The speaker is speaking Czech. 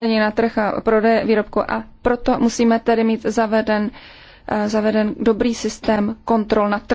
není na trh a prodeje výrobku a proto musíme tedy mít zaveden, eh, zaveden dobrý systém kontrol na trhu.